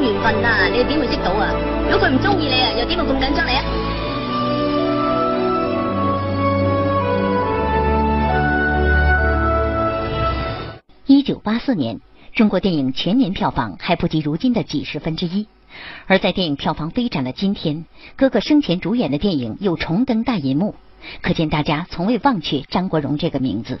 緣分啊，你哋點會識到啊？如果佢唔中意你啊，又點會咁緊張你啊？一九八四年，中國電影全年票房還不及如今的幾十分之一，而在電影票房飛漲的今天，哥哥生前主演的電影又重登大銀幕，可見大家從未忘卻張國榮這個名字。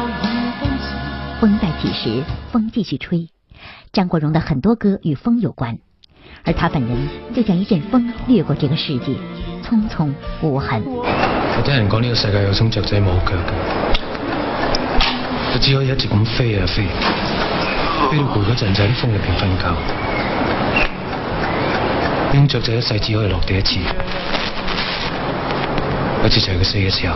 風再起時，風繼續吹。張國榮的很多歌與風有關，而他本人就像一陣風掠過這個世界，匆匆無痕。我聽人講，呢、這個世界有種雀仔冇腳嘅，佢只可以一直咁飛啊飛，飛到攰嗰陣就喺風入邊瞓覺。呢種雀仔一世只可以落地一次，一次就係佢死嘅時候。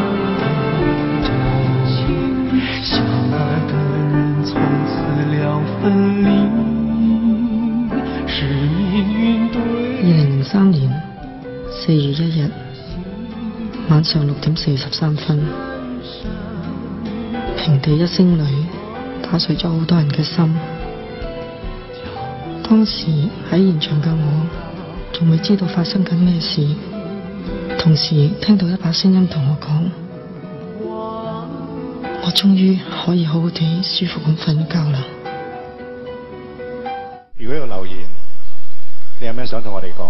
晚上六點四十三分，平地一聲雷，打碎咗好多人嘅心。當時喺現場嘅我，仲未知道發生緊咩事，同時聽到一把聲音同我講：我終於可以好好地舒服咁瞓覺啦。如果有留言，你有咩想同我哋講？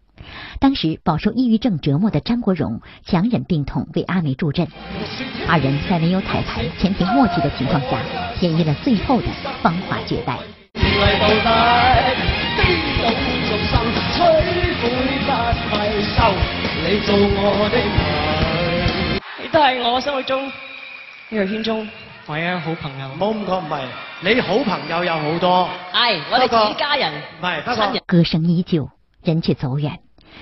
當時飽受抑鬱症折磨的張國榮強忍病痛為阿梅助陣，二人在沒有彩排，前平默契的情況下，演繹了最後的芳華絕代。你都係我生活中呢個圈中，我有好朋友，冇咁講，唔係，你好朋友有好多。係、哎，我哋自家人，唔係親人。歌聲依舊，人卻走遠。